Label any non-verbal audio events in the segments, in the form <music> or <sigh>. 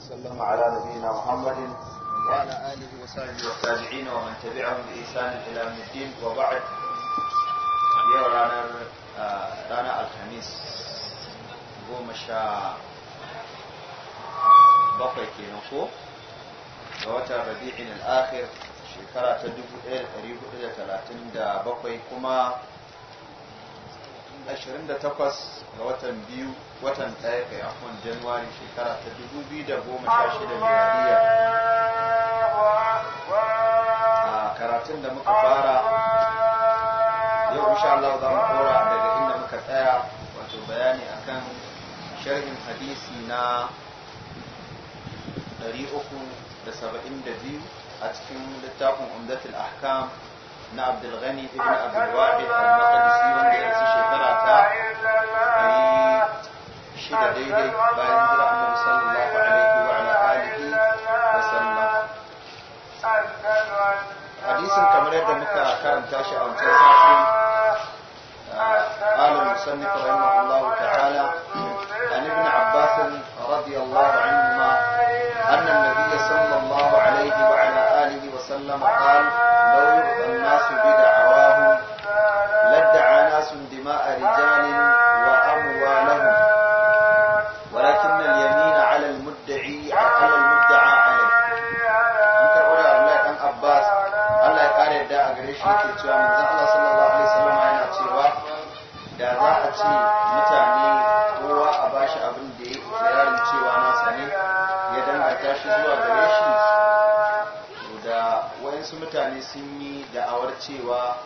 وسلم على نبينا محمد وعلى آله وصحبه والتابعين ومن تبعهم بإحسان إلى يوم الدين وبعد yau ranar alhamis goma sha bakwai kenan ko ga watan rabi'in al'akhir shekara ta 1437 kuma 28 ga watan biyu watan ɗaya kai afon januwari shekara ta dubu biyu da goma sha shida a ah, karatun da muka fara yau insha Allah za mu kora daga inda muka tsaya wato bayani akan sharhin hadisi na 372 a cikin littafin umdatul ahkam na abdulghani ibn abdulwahid al-maqdisi wanda ya shekara ta shi da daidai bayan jira annabi sallallahu alaihi wa ala alihi wa sallam hadisin kamar yadda muka karanta shi a wancan sati قال المصنف رحمه الله تعالى عن ابن عباس رضي الله عنهما أن النبي صلى الله عليه وعلى آله وسلم قال لو يرضى الناس بدعواهم لادعى ناس دماء رجال mutane kowa a ba shi abin da ya ikirarin cewa nasa ne ya danganta shi zuwa gare shi da wayansu mutane sun yi da'awar cewa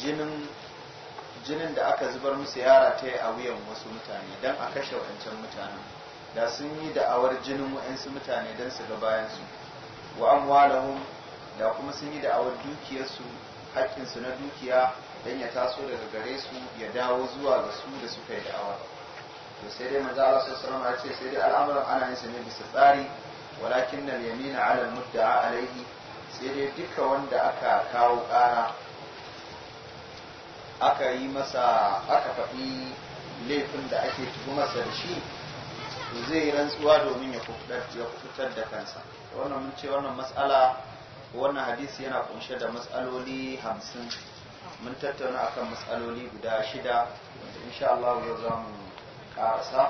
jinin da aka zubar musu yara ta yi a wuyan wasu mutane don a kashe waɗancan mutane, da sun yi da'awar jinin wa'yansu mutane don su ga bayansu wa amwalahum da kuma sun yi da'awar dukiyarsu haƙƙinsu na dukiya dan ya taso daga gare su ya dawo zuwa ga su da suka yi da'awa to sai dai manzo Allah sallallahu alaihi wasallam ya ce sai dai al'amuran ana yin sa ne bisa tsari walakin nan yamina ala mudda'a alaihi sai dai duka wanda aka kawo kara aka yi masa aka faɗi laifin da ake tuhumarsa da shi to zai yi rantsuwa domin ya kufutar da kansa wannan mun ce wannan matsala wannan hadisi yana kunshe da matsaloli hamsin mun tattauna akan matsaloli guda shida wanda insha Allah yau za mu karasa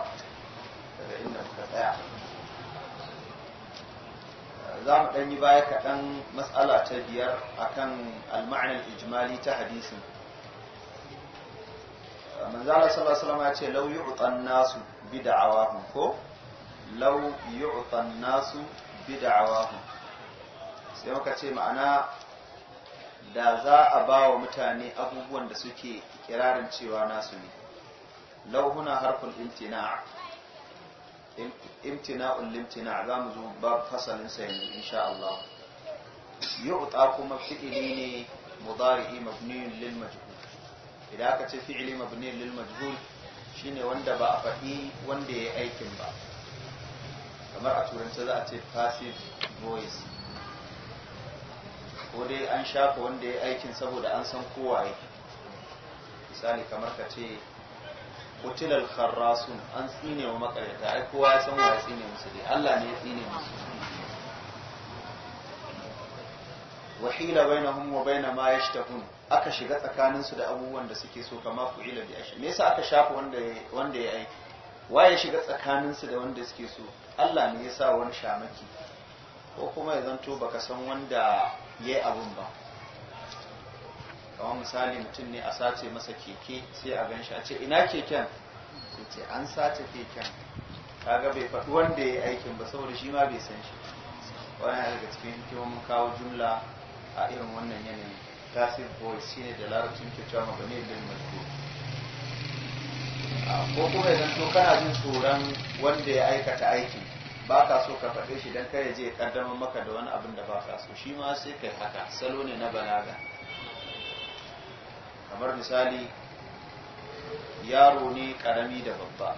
daga inda muka tsaya za mu ɗan yi baya kaɗan matsala ta biyar akan al-ma'anar ijmali ta hadisin manzala sallallahu alaihi ya ce lau yu'tan nasu bid'awahum ko lau yu'tan nasu bid'awahum sai muka ce ma'ana da za a ba wa mutane abubuwan da suke kirarin cewa nasu ne lauhuna harfin imtina imtina'un limtina za mu zo ba fasalin sa yanzu insha Allah yu'ta kuma fi'ili ne mudari'i mabniyun lil majhul idan aka ce fi'ili mabniyun lil majhul shine wanda ba a faɗi wanda ya yi aikin ba kamar a turanci za a ce passive voice ko dai an shafa wanda ya aikin saboda an san kowaye misali kamar ka ce kutilar kharrasun an tsine wa makarata ai kowa ya san waye tsine musu dai Allah ne ya tsine musu wahila hum wa baina ma yashtahun aka shiga tsakanin su da abubuwan da suke so kama fu'ila bi ashi me yasa aka shafa wanda wanda ya aiki waye shiga tsakanin su da wanda suke so Allah ne ya sa wani shamaki ko kuma ya zanto baka san wanda ya yi abun ba kamar misali mutum ne a sace masa keke sai a gan shi a ce ina keken sai ce an sace keken kaga bai faɗi wanda ya yi aikin ba saboda shi ma bai san shi wani daga cikin hikimomin kawo jumla a irin wannan yanayi tasir shi shine da larabcin ke cewa mabane lil majhul ko kuma idan kana jin tsoron wanda ya aikata aikin ba ka so ka faɗe shi don kai je ƙaddamar maka da wani abin da ba ka so shi ma sai kai haka salo ne na balaga kamar misali yaro ne ƙarami da babba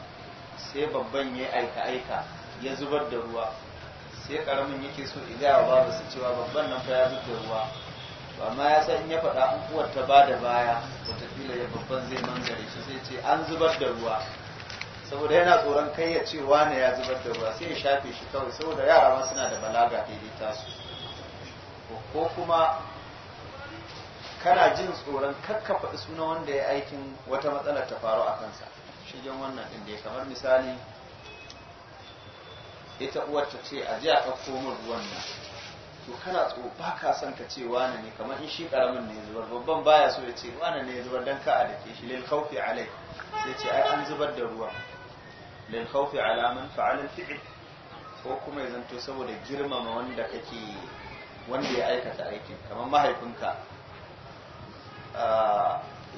sai babban ya aika-aika ya zubar da ruwa sai ƙaramin yake so igaya ba su cewa babban nan fa ya zubar da ruwa Ba ma ya san ya faɗa an uwar ta ba da baya wataƙila ya babban zai mangare shi sai ce an zubar da ruwa saboda yana tsoron kai ya ce wane ya zubar da ruwa sai ya shafe shi kawai saboda yara ma suna da balaga daidai tasu ko kuma kana jin tsoron kakkafa suna wanda ya aikin wata matsalar ta faru a kansa shigen wannan din da ya kamar misali ita uwar ce a jiya a ɗauko ruwan nan to kana tso ba ka son ka ce wane ne kamar in shi karamin ne zubar babban baya so ya ce wane ne zubar dan ka a dake shi lil khawfi alai sai ce ai an zubar da ruwa lil khawfi ala man fa'ala ko kuma ya zanto saboda girmama wanda kake wanda ya aikata aikin kamar mahaifinka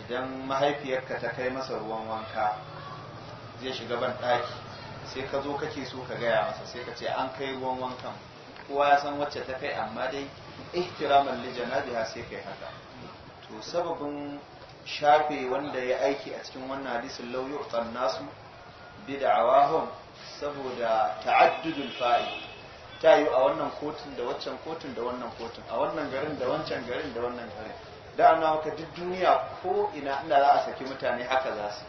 idan mahaifiyarka ta kai masa ruwan wanka zai shiga ban ɗaki sai ka zo kake so ka gaya masa sai ka ce an kai ruwan wankan kowa ya san wacce ta kai amma dai ihtiraman li janabiha sai kai haka to sababin shafe wanda ya aiki a cikin wannan hadisin lau yu'tan nasu bid'awahum saboda ta'addudul fa'i ta yi a wannan kotun da waccan kotun da wannan kotun a wannan garin da wancan garin da wannan garin da ana haka duk duniya ko ina inda za a saki mutane haka za su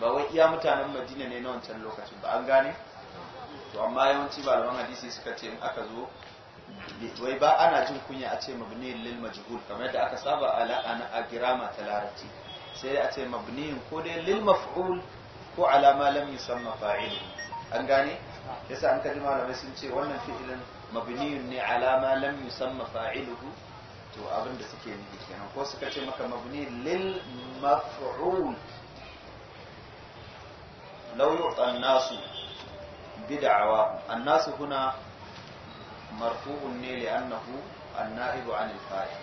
ba wai iya mutanen madina ne na wancan lokacin ba an gane to amma yawanci malaman hadisi suka ce in aka zo wai ba ana jin kunya a ce mabni lil majhul kamar yadda aka saba ala ana a girama sai a ce mabniyin ko dai lil maf'ul ko alama lam yusamma fa'ilu an gane yasa an kalli malamai sun ce wannan fi'ilin mabniyun ne alama lam yusamma fa'iluhu to abin da suke nufi kenan ko suka ce maka mabni lil maf'ul law yu'ta an-nasu bid'awa an-nasu huna marfu'un ne annahu 'an al-fa'il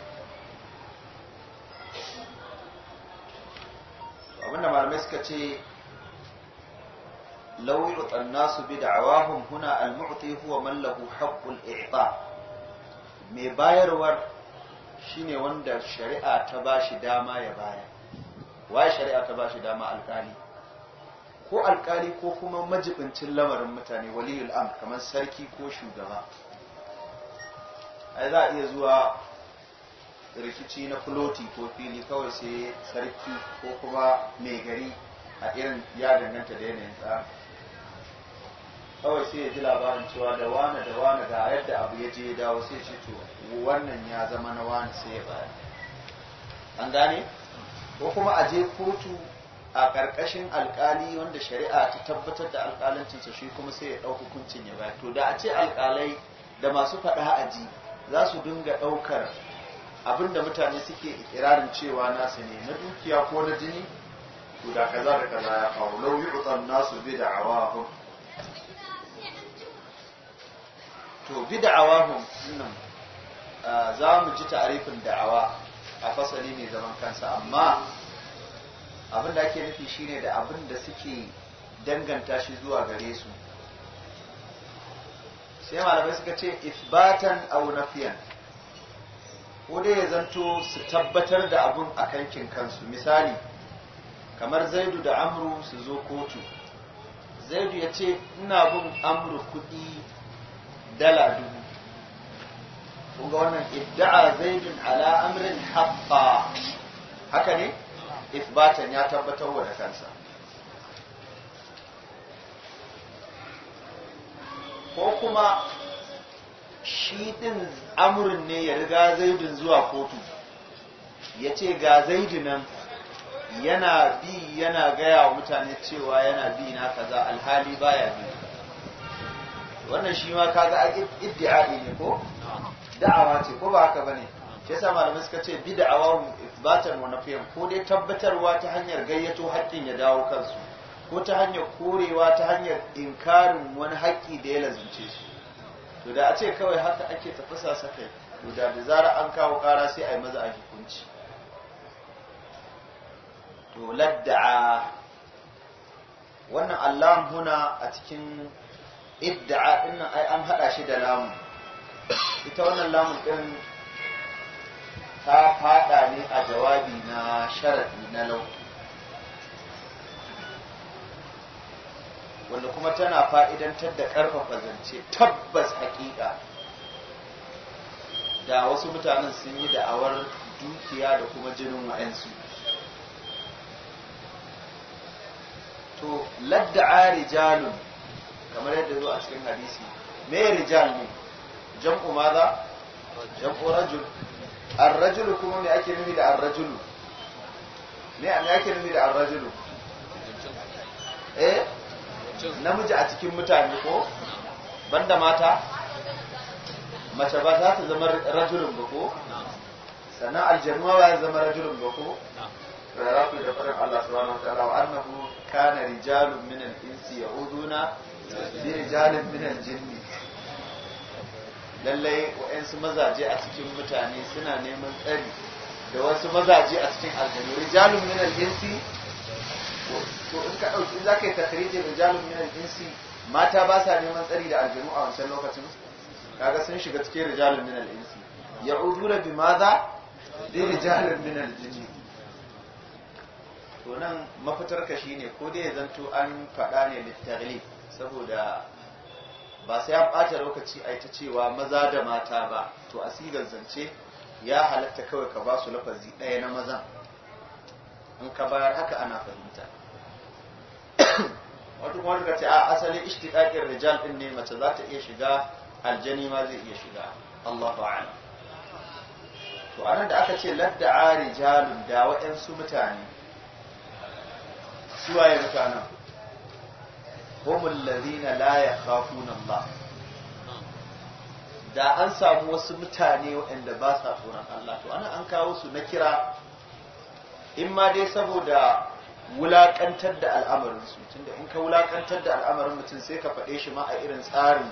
abinda malamai suka ce لو يعطى الناس بدعواهم هنا المعطي هو من له حق الإعطاء mai bayarwar shine wanda shari'a ta bashi dama ya bayar waye shari'a ta bashi dama alkali ko alkali ko kuma majibincin lamarin mutane waliyul am kamar sarki ko shugaba ai za a iya zuwa rikici na kuloti ko fili kawai sai sarki ko kuma mai gari a irin ya danganta da yanayin tsari kawai sai ya ji labarin cewa da wane da wane ga yadda abu ya je ya dawo sai ce to wannan ya zama na wane sai ya bayar an gane ko kuma a je kotu a ƙarƙashin alƙali wanda shari'a ta tabbatar da alƙalancinsa shi kuma sai ya ɗau hukuncin ya bayar to da a ce alƙalai da masu faɗa a ji za su dinga ɗaukar abinda mutane suke ikirarin cewa nasu ne na dukiya ko na jini to da kaza da kaza ya faru lau yi nasu bi da awa to bi da'awahum nan za mu ji ta'arifin da'awa a fasali mai zaman kansa amma abin da ake nufi shine da abin da suke danganta shi zuwa gare su sai malamai suka ce ifbatan aw nafiyan ko dai ya zanto su tabbatar da abin a kankin kansu misali kamar zaidu da amru su zo kotu zaidu ya ce ina bin amru kuɗi dala dubu kun ga wannan idda'a zaidun ala amrin haqqa haka ne isbatan ya tabbatar wa da kansa ko kuma shi ɗin amurin ne ya riga zaidun zuwa kotu ya ce ga zaidunan yana bi yana gaya wa mutane cewa yana bi na kaza alhali baya bi wannan shi ma kaga a iddi'a'i ne ko da'awa ce ko ba haka bane shi yasa malamai suka ce bid'awa batan wa nafiyan ko dai tabbatarwa ta hanyar gayyato haƙƙin ya dawo kansu ko ta hanyar korewa ta hanyar inkarin wani haƙƙi da ya lazumce shi to da a ce kawai haka ake tafasa sakai to da da zara an kawo ƙara sai a yi maza a hukunci to ladda'a wannan allahun huna a cikin idda'a din nan ai an hada shi da lamu. ita wannan lamu din ta fada ne a jawabi na sharadi na lau wanda kuma tana fa'idantar da karfafa zance tabbas hakika da wasu mutanen sun yi da'awar dukiya da kuma jinin wa'ansu to ladda rijalun kamar yadda zuwa cikin hadisi me rijal ne jam'u maza jam'u rajul ar-rajul kuma me ake nufi da ar-rajul me ake nufi da ar-rajul eh namiji a cikin mutane ko banda mata mace ba za ta zama rajulun ba ko sannan aljanuwa ba ya zama rajulun ba ko rarafi da farin Allah subhanahu wa ta'ala wa annahu kana rijalun min al-insi ya'uduna bi jalib min al jinn lallai waɗansu mazaje a cikin mutane suna neman tsari da wasu mazaje a cikin aljanu rijalun min al-jinsi to in ka dauki zaka yi takrije rijalun min al-jinsi mata ba sa neman tsari da aljanu a wancan lokacin kaga sun shiga cikin rijalun min al-jinsi ya'uduna bi madha bi rijalun min al jinn to nan mafitar ka shine ko dai zanto an faɗa ne littaglib saboda ba sai ya ɓata lokaci a ita cewa maza da mata ba to asirin zance ya halatta kawai ka ba su lafazi ɗaya na maza in ka bayar haka ana fahimta <coughs> wata kuma duka ce a asalin ishtiƙaƙin rijal ɗin ne mace za ta iya shiga aljani ma zai iya shiga Allah ta'ala to anan da aka ce ladda'a rijalun da waɗansu mutane suwaye mutanen هم ladina لا يخافون الله da an samu wasu mutane waɗanda ba sa tsoron Allah to ana an kawo su na kira in ma dai saboda wulakantar da al'amarin su tunda in ka wulakantar da al'amarin mutum sai ka faɗe shi ma a irin tsarin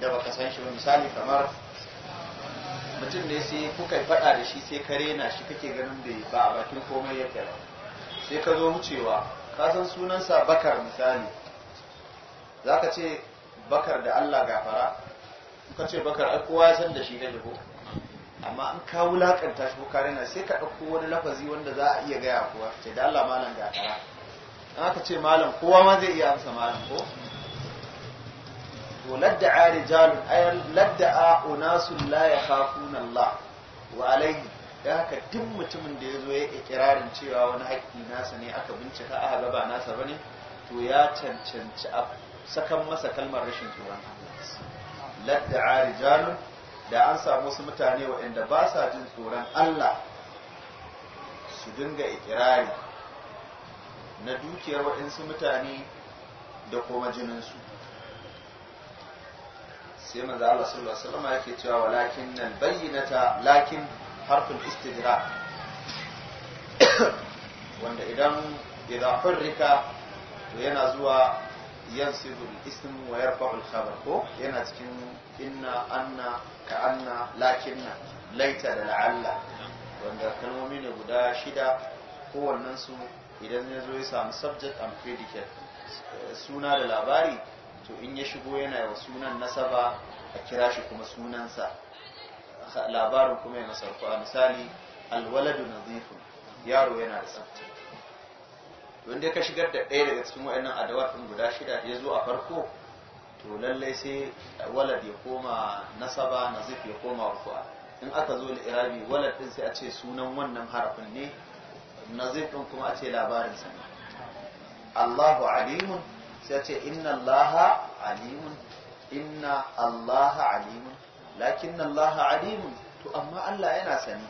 da baka san shi ba misali kamar mutum ne sai kuka faɗa da shi sai ka rena shi kake ganin bai ba a bakin komai yake ba sai ka zo wucewa ka san sunansa bakar misali za ka ce bakar da Allah gafara ka ce bakar a kowa ya san da shi na ko amma an kawo wulakanta shi ko ka na sai ka ɗauko wani lafazi wanda za a iya gaya kowa ce da Allah malam gafara an aka ce malam kowa ma zai iya amsa malam ko to ladda'a rijalun ay ladda'a unasun la yakhafuna Allah wa alayhi da haka duk mutumin da ya zo ya ikirarin cewa wani haƙƙi nasa ne aka bincika aka gaba nasa bane to ya cancanci sakan masa kalmar rashin tsoron Allah da rijalu da an samu wasu mutane waɗanda ba sa jin tsoron Allah su dinga ikirari na dukiyar waɗansu mutane da kuma jininsu sai manzo Allah sallallahu alaihi wasallam yake cewa walakin nan bayyinata lakin harfin istidra <coughs> wanda idan idan hurrika to yana zuwa yan al-ism wayar yarfa'u al ko yana cikin inna anna ka anna lakinna laita da la'alla wanda kalmomi ne guda shida kowannen su idan ya zo ya samu subject and predicate suna da labari to in ya shigo yana wa sunan nasaba a kira shi kuma sunansa labarin kuma ya nasarfa misali alwaladu nazifun yaro yana da tsafta don dai ka shigar da ɗaya daga cikin wa'annan adawa ɗin guda shida ya zo a farko to lallai sai walad ya koma nasaba nazif ya koma rufu'a in aka zo irabi walad ɗin sai a ce sunan wannan harafin ne nazif ɗin kuma a ce labarin sa Allahu alimun sai a ce inna Allaha alimun inna Allaha alimun lakin Allaha alimun to amma Allah yana sani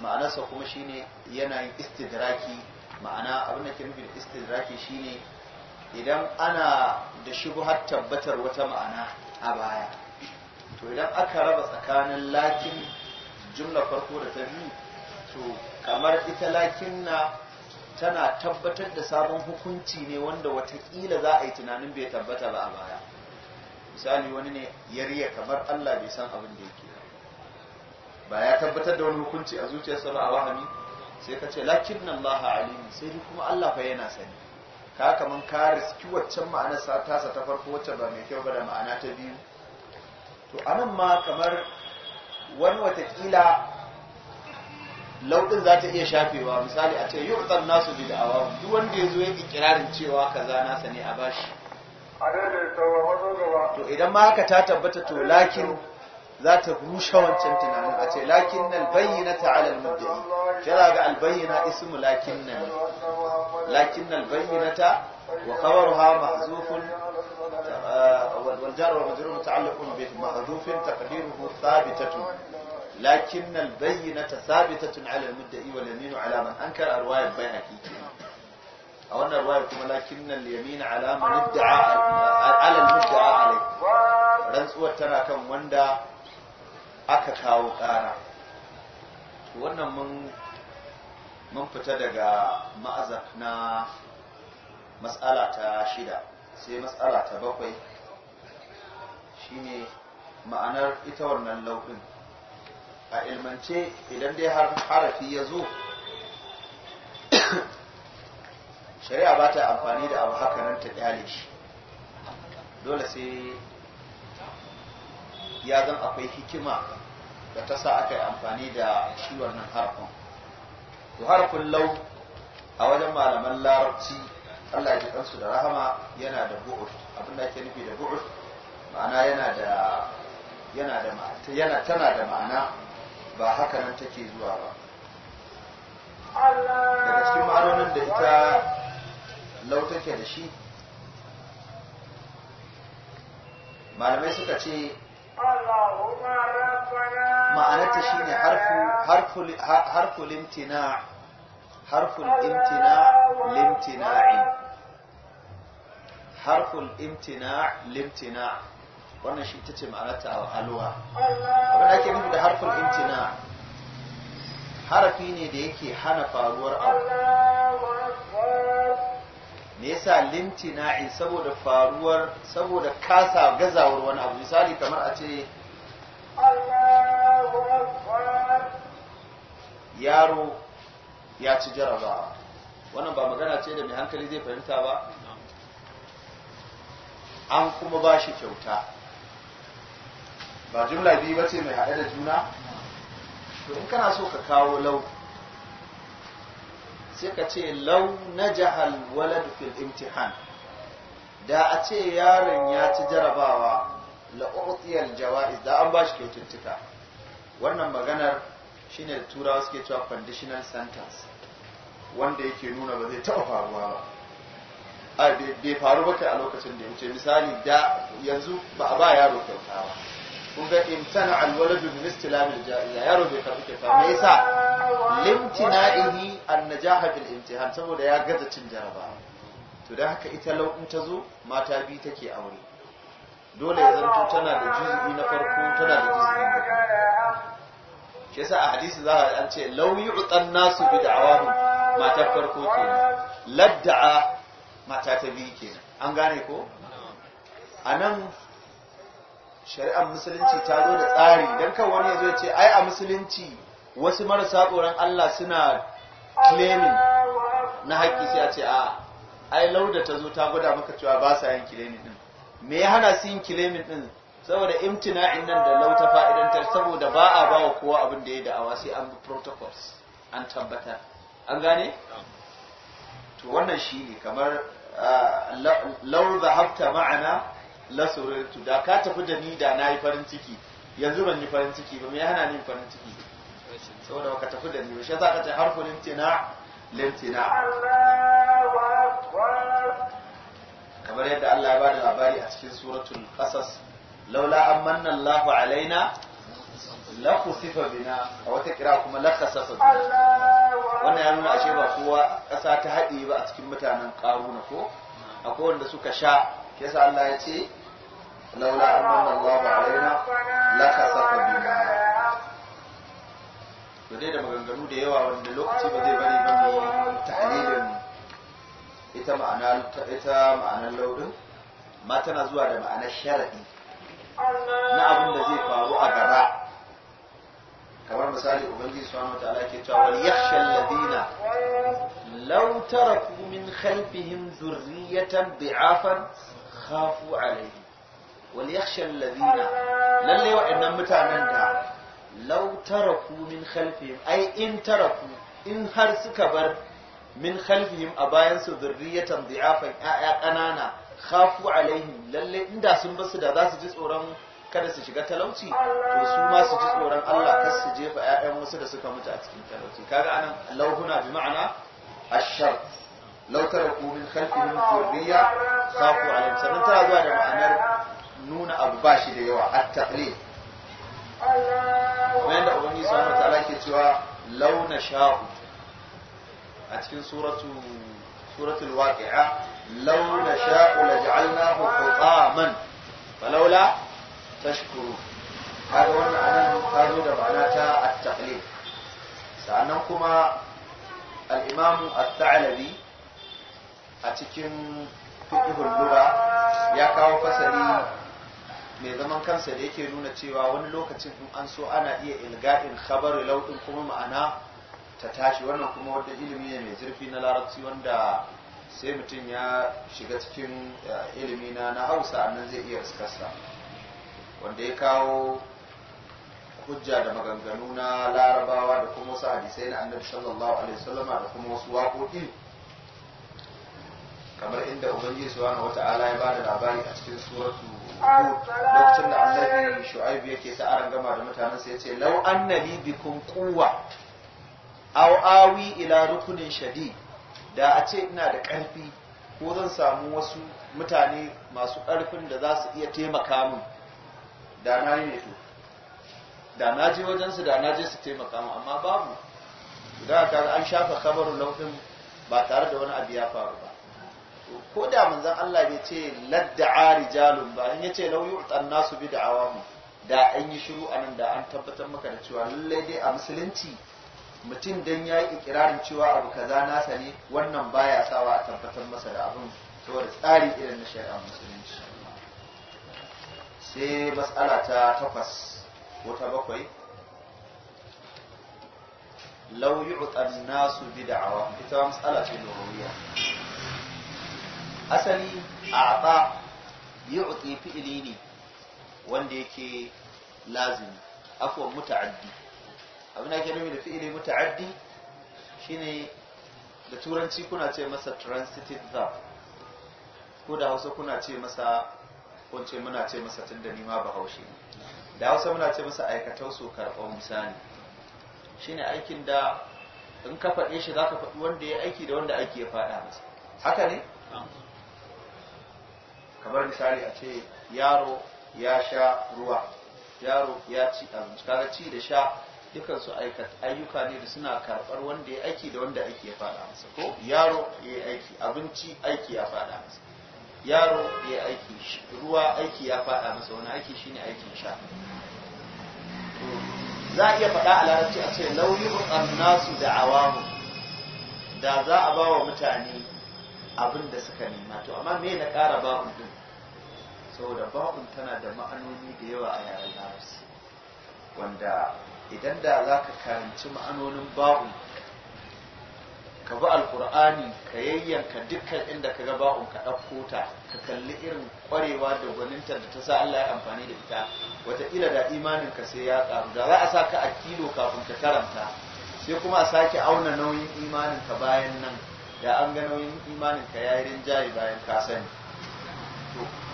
ma'anarsa kuma shine yana yin istidraki ma'ana abin da ke nufin istidraki shine idan ana da shubuhar tabbatar wata ma'ana a baya to idan aka raba tsakanin lakin jumla farko da ta biyu to kamar ita lakin na tana tabbatar da sabon hukunci ne wanda watakila za a yi tunanin bai tabbata ba a baya misali wani ne yariya kamar allah bai san abin da yake ba ya tabbatar da wani hukunci a zuciyarsa ba a wahami sai ka ce lakin nan laha sai dai kuma Allah fa yana sani ka kaman ka riski waccan ma'anar sa tasa ta farko wacce ba mai kyau ba da ma'ana ta biyu to anan ma kamar wani watakila lauɗin za ta iya shafewa misali a ce yi utsar nasu bi da'awa duk wanda ya zo ya kirarin cewa kaza nasa ne a bashi to idan ma haka ta tabbata to lakin za ta rushe wancan tunanin a ce lakin nan bayyana ta alal mabda'i kira ga albayyana ismu lakinnan lakinnan albayyana ta wa kawarwa uh, mahazufin waljarar wajirin ta'allakun bin mahazufin takadiruhu sabitatun lakin albayyana sabitatun alamun da iwa lamino alaman an kar arwayar bai hakiki a wannan arwayar kuma lakin alyamin alamun da'a alal mudda'a alai rantsuwar tana kan wanda aka kawo kara wannan mun mun fita daga ma'azaf na matsala ta shida sai matsala ta bakwai shine ma'anar ita wannan laukin a ilmance idan dai har harafi ya zo <coughs> shari'a ba ta amfani da abu haka nan ta shi dole sai ya zan akwai hikima da ta sa aka yi amfani da shi wannan harafin. to har lau a wajen malaman larabci Allah ya kansu da rahama yana da bu'ud abin da ake nufi da bu'ud ma'ana yana da yana da ma'ana yana tana da ma'ana ba haka nan take zuwa ba daga cikin ma'anonin da ita lau take da shi malamai suka ce ma'anarta shine ne harfu limtina. harfu limtina limtina'i harfu limtina limtina wannan shi ita ce ma'anarta a halwa abin da ake nufi da harfu limtina. harafi ne da yake hana faruwar abu me yasa limtina'i saboda faruwar saboda kasa gazawar wani abu misali kamar a ce yaro ya ci jarabawa wannan ba magana ce da mai hankali zai fahimta ba an kuma ba shi kyauta ba jumla biyu ba ce mai haɗe da juna to in kana so ka kawo lau sai ka ce lau na jihar walad fil imtihan da a ce yaron ya ci jarabawa la uqtiyal jawaiz da an bashi kyaututtuka wannan maganar shine da turawa suke cewa conditional sentence wanda yake nuna ba zai taɓa faruwa ba a bai faru ba a lokacin da ya wuce misali da yanzu ba a ba yaro kyauta ba kun ga imtana alwaladu min istilamil ya yaro bai karbi kyauta me yasa limtina'ihi annajaha bil imtihan saboda ya gaza cin jaraba to dan haka ita lau in ta zo mata bi take aure dole ya zanto tana da juzubi na farko tana da juzubi na biyu a hadisi za a an ce law yu'tan nasu bi da'awahum mata farko kenan ladda'a mata ta biyu kenan an gane ko anan shari'ar musulunci ta zo da tsari don kan wani ya zo ce ai a musulunci wasu marasa tsoron Allah suna claiming na haƙƙi sai a ce a ai lauda ta zo ta gwada maka cewa ba sa yin claiming din me ya hana su yin claiming din saboda imtina'in nan da lauta fa'idantar saboda ba a ba wa kowa abin da ya da'awa sai an bi protocols an tabbatar an gane to wannan shi ne kamar lau zahabta ma'ana lasuratu da ka tafi da ni da na yi farin ciki yanzu ban yi farin ciki ba me ya hana ni farin ciki saboda ka tafi da ni shi za ka ce ku lintina? Lintina. kamar yadda Allah ya bada labari a cikin suratul qasas laula amanna Allahu alaina la kusifa bina a wata kira kuma la kasafa bina wannan ya nuna ashe ba kowa ƙasa ta haɗe ba a cikin mutanen ƙaruna ko akwai wanda suka sha kisa Allah ya ce laula amanna Allahu alaina la kasafa bina to dai da maganganu da yawa wanda lokaci ba zai bari ba mu tahlilin ita ma'ana ita ma'anar laudin ma tana zuwa da ma'anar sharadi na abin da zai faru a gaba kamar misali ubangiji subhanahu wataala ke cewa wal yakhsha alladhina law taraku min khalfihim dhurriyatan dha'afan khafu alaihi wal yakhsha alladhina lalle mutanen da law taraku min khalfihim ai in taraku in har suka bar min khalfihim a bayan su zurriyatan dhi'afan ya'ya kanana khafu alaihim lalle inda sun basu da za su ji tsoron kada su shiga talauci to su ma su ji tsoron Allah kar su jefa ƴaƴan wasu da suka mutu a cikin talauci kaga anan lauhuna bi ma'ana ash lautar kumin khalfihim zurriya khafu alaihim sannan tana zuwa da ma'anar nuna abu ba shi da yawa at taqlid kuma yadda ubangiji subhanahu wataala ke cewa launa sha'u a cikin suratu suratul waqi'a launa sha'u laj'alnahu hutaman falaula tashkuru kaga wannan anan ta zo da ma'ana ta at-taqlid Sannan kuma al-imam at-ta'labi a cikin fiqhul lura ya kawo fasali mai zaman kansa da yake nuna cewa wani lokacin in an so ana iya ilga'in khabar lauɗin kuma ma'ana ta tashi wannan kuma wanda ilimi ne mai zurfi na larabci wanda sai mutum ya shiga cikin eh, ilimi na na hausa nan zai iya raskasa wanda ya kawo hujja da maganganu na larabawa da kuma wasu hadisai na annabi sallallahu alaihi wasallama da kuma wasu waƙoƙi kamar inda ubangiji subhanahu wata'ala ya bada labari a cikin suratu lokacin da annabi shu'aib yake ta arangama da mutanen sa yace law annabi bikum quwwa aw awi ila rukunin shadi. da a ce ina da karfi ko zan samu wasu mutane masu karfin da za su iya taimaka min da na ne to da na je wajen su da na je su taimaka min amma babu da ka an shafa kabarin laufin ba tare da wani abu ya faru ba ko da manzon Allah bai ce ladda rijalun ba in yace law yu'tan nasu bi da'awahum da an yi shiru anan da an tabbatar maka da cewa lallai dai a musulunci mutum dan ya yi ikirarin cewa abu kaza nasa ne wannan baya sawa a tabbatar masa da abin saboda tsari irin na shari'a musulunci sai matsala ta takwas ko ta bakwai lau yi nasu bi da'awa ita matsala ce loriya asali a'ta yu'ti fi'li ne wanda yake lazimi afwan muta'addi abin da ke nufi da fi'ili muta'addi shine da turanci kuna ce masa transitive verb ko da hausa kuna ce masa wance muna ce masa tun ni ma bahaushe ne da hausa muna ce masa aikatau so karɓar misali shine aikin da in ka faɗe shi za ka faɗi wanda ya aiki da wanda aiki ya faɗa masa haka ne kamar misali a ce yaro ya sha ruwa yaro ya ci abinci kaga ci da sha dukkan su ayyuka ne da suna karɓar wanda ya aiki da wanda aiki ya faɗa masa ko yaro ya aiki abinci aiki ya faɗa masa yaro ya aiki ruwa aiki ya faɗa masa wani aiki shine aikin sha za a iya faɗa a larabci a ce lauyin annasu da awamu da za a ba wa mutane abin da suka nema to amma me na ƙara babu din saboda ba'un tana da ma'anoni da yawa a yaren larabci wanda idan da za ka karanci ma'anonin ba'un ka bi alkur'ani ka yayyanka dukkan inda ka ga ba'un ka ɗauko ta ka kalli irin ƙwarewa da gwaninta da ta sa Allah ya amfani da ita wataƙila da imanin ka sai ya ƙaru da za a sa ka a kilo kafin ka karanta sai kuma a sake auna nauyin imanin ka bayan nan da an ga nauyin imanin ka yayi rinjaye bayan ka sani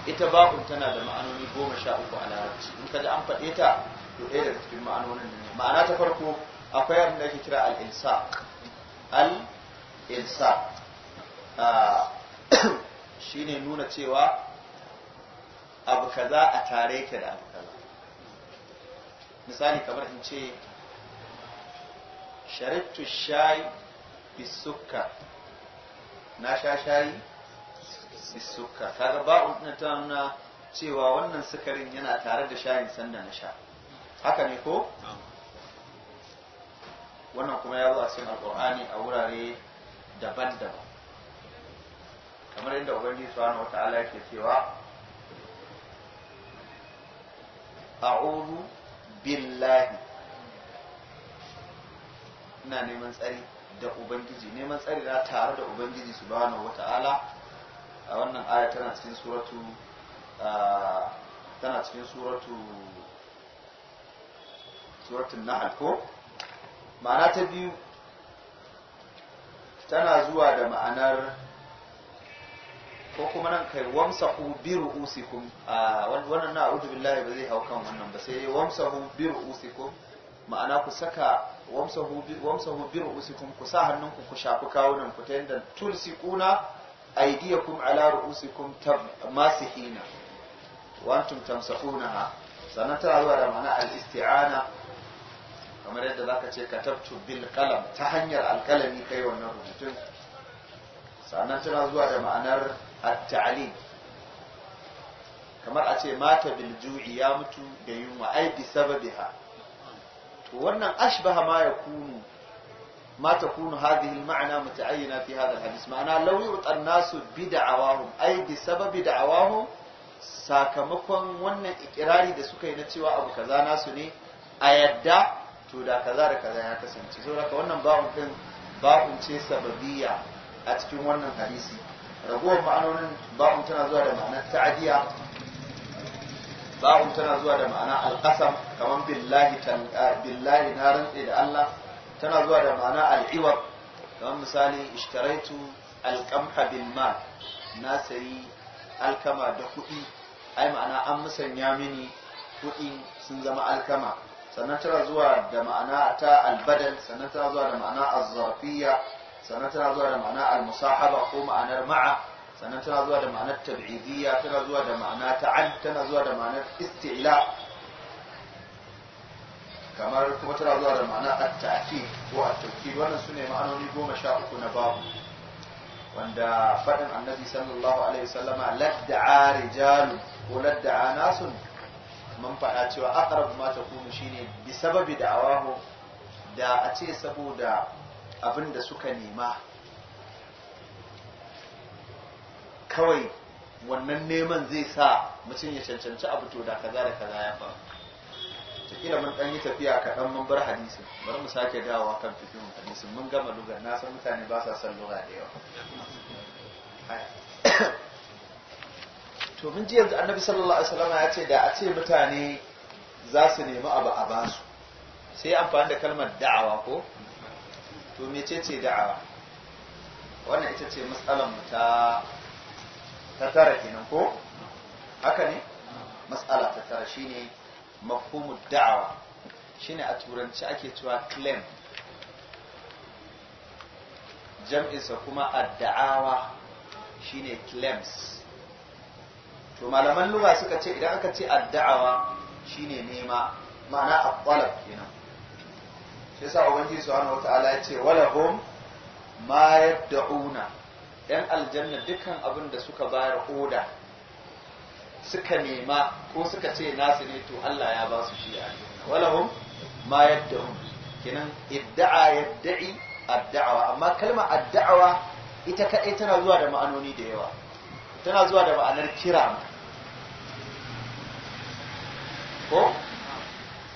ita ba'un tana da ma'anoni goma sha uku a larabci in ka ji an faɗe ta to ɗaya daga cikin ma'anonin ne ma'ana ta farko akwai abin da ake kira al-insa al-insa ah, <coughs> shine nuna cewa abu kaza a tare yake da abu kaza misali kamar in ce sharittu shayi bisukka na sha shayi Suka kaga ba din ta nuna cewa wannan sukarin yana tare da shayin sanda na sha haka ne ko wannan kuma ya zo a cikin alqur'ani a wurare daban-daban kamar yadda ubangi subhanahu wata'ala yake cewa a'udhu billahi ina neman tsari da ubangiji neman tsari na tare da ubangiji subhanahu wata'ala a wannan aya tana cikin suratu tana cikin suratu suratun nahal ko ma'ana ta biyu tana zuwa da ma'anar ko kuma nan kai wamsahu bi ru'usikum wannan na a'udhu billahi ba zai hau kan wannan ba sai wamsahu bi ru'usikum ma'ana ku saka wamsahu bi ru'usikum ku sa hannunku ku shafi kawunan ku ta yadda kuna aydiyakum ala ru'usikum masihina wa antum tamsahunaha sannan zuwa da ma'ana al-isti'ana kamar yadda zaka ce katabtu bil qalam ta hanyar alkalami kai wannan rubutun sannan tana zuwa da ma'anar at-ta'lim kamar a ce mata bil ju'i ya mutu da yunwa ai bi sababiha to wannan ashbaha ma yakunu ما تكون هذه المعنى متعينة في هذا الحديث معناه لو يرطى الناس بدعواهم أي بسبب دعواهم sakamakon wannan ikirari da suka yi na cewa abu kaza nasu ne a yadda to da kaza da kaza ya kasance saboda ka wannan ba'un din ba'un ce sababiyya a cikin wannan hadisi ragowar ma'anonin ba'un tana zuwa da ma'anar ta'adiya ba'un zuwa da ma'ana alqasam kamar billahi na rantse da Allah tana zuwa da ma'ana al'iwar kamar misali ishtaraitu alkamha bil ma na sayi alkama da kuɗi ai ma'ana an musanya mini kuɗi sun zama alkama sannan tana zuwa da ma'ana ta albadal sannan tana zuwa da ma'ana azzarfiya sannan tana zuwa da ma'ana almusahaba ko ma'anar ma'a sannan tana zuwa da ma'anar tab'idiyya tana zuwa da ma'ana ta'al tana zuwa da ma'anar istila kamar kuma tana zuwa da ma'ana a ta'aki ko a tauki wannan su ne ma'anoni goma sha uku na babu wanda faɗin annabi sallallahu alaihi wasallama ladda'a rijalu ko ladda'a nasun mun faɗa cewa aqrabu ma takunu shine bi sababi da'awahu da a ce saboda abin da suka nema kawai wannan neman zai sa mutum ya cancanci abu to da kaza da kaza ya faru jiya mun dan yi tafiya kaɗan mun bar hadisin bari mu sake dawowa kan fikin hadisin mun gama luga na san mutane ba sa son luga da yawa to mun ji yanzu annabi sallallahu alaihi wasallam ya ce da a ce mutane za su nemi abu a basu sai amfani da kalmar da'awa ko to mecece da'awa wannan ita ce matsalar mu ta ta tara kenan ko haka ne matsala ta tara shine mafhumu da'awa shine a turanci ake cewa claim jam'insa kuma adda'awa shine claims to malaman lugha suka ce idan aka ce adda'awa shine nema ma'ana kwalab kenan shi yasa hana wata ala ya ce walahum ma una. yan aljanna dukkan abin da suka bayar oda suka nema ko suka ce nasu ne to Allah ya ba su shi a walahum ma yadda'un kenan idda'a yadda'i addawa amma kalmar addawa ita kadai tana zuwa da ma'anoni da yawa tana zuwa da ma'anar kira ko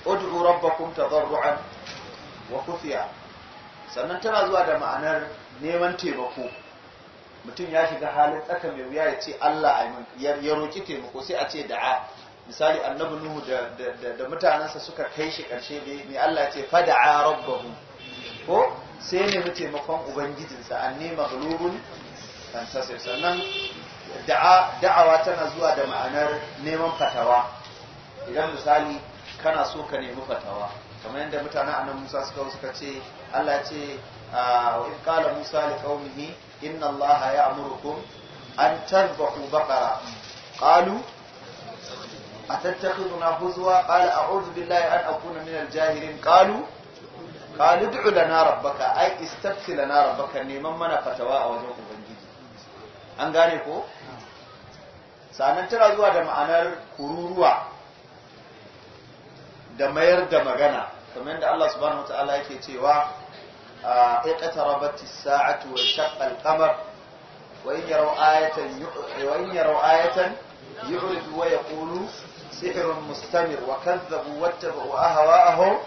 ud'u rabbakum tadarruan wa khufiya sannan tana zuwa da ma'anar neman taimako mutum ya shiga halin tsaka mai wuya ya ce Allah a yi ya roƙi taimako sai a ce da'a misali annabi nuhu da da mutanansa suka kai shi karshe mai Allah ya ce fada'a rabbahu ko sai ne mu taimakon ubangijinsa anni maghlubun fantasir sannan da'awa tana zuwa da ma'anar neman fatawa idan misali kana so ka nemi fatawa kamar yadda mutanen annabi Musa suka suka ce Allah ce ah, wa in qala Musa li qaumihi إن الله يأمركم أن تذبحوا بقرة قالوا أتتخذنا هزوا قال أعوذ بالله أن أكون من الجاهلين قالوا قال ادع لنا ربك أي استبخ لنا ربك نيمان من فتوى أو جوك بنجيجي أن قالوا سأنتر سأنا ترى زوا دم أنا كروروا دم يرد مغانا الله سبحانه وتعالى يكي تيوا اقتربت الساعة وانشق القمر وإن يروا آية وإن يروا آية يعرض ويقول سحر مستمر وكذبوا واتبعوا أهواءهم